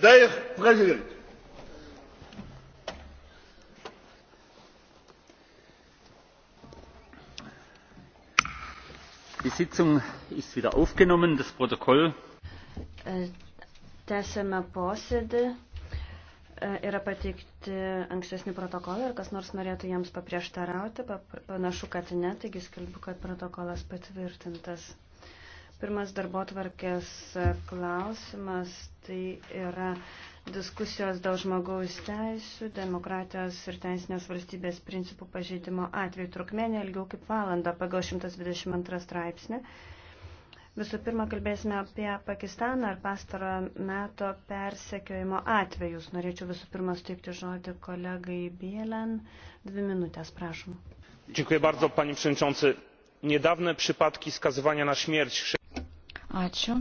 Dear President, Die Sitzung ist wieder aufgenommen. Das Protokoll. Äh, Tęsėme posėdį. Äh, yra pateikti ankstesni protokolai. Ar kas nors norėtų jiems paprieštarauti? Panašu, kad ne. Taigi skelbiu, kad protokolas patvirtintas. Pirmas darbo tvarkės klausimas tai yra diskusijos dėl žmogaus teisų, demokratijos ir teisinės valstybės principų pažeidimo atveju trukmė neilgiau kaip valanda pagal 122 straipsnį. Visų pirma, kalbėsime apie Pakistaną ar pastarojo meto persekiojimo atvejus. Norėčiau visų pirma suteikti žodį kolegai Bielen. Dvi minutės, prašom. Dziękuję bardzo, panie przewodniczący niedawne przypadki skazywania na śmierć Ačiū.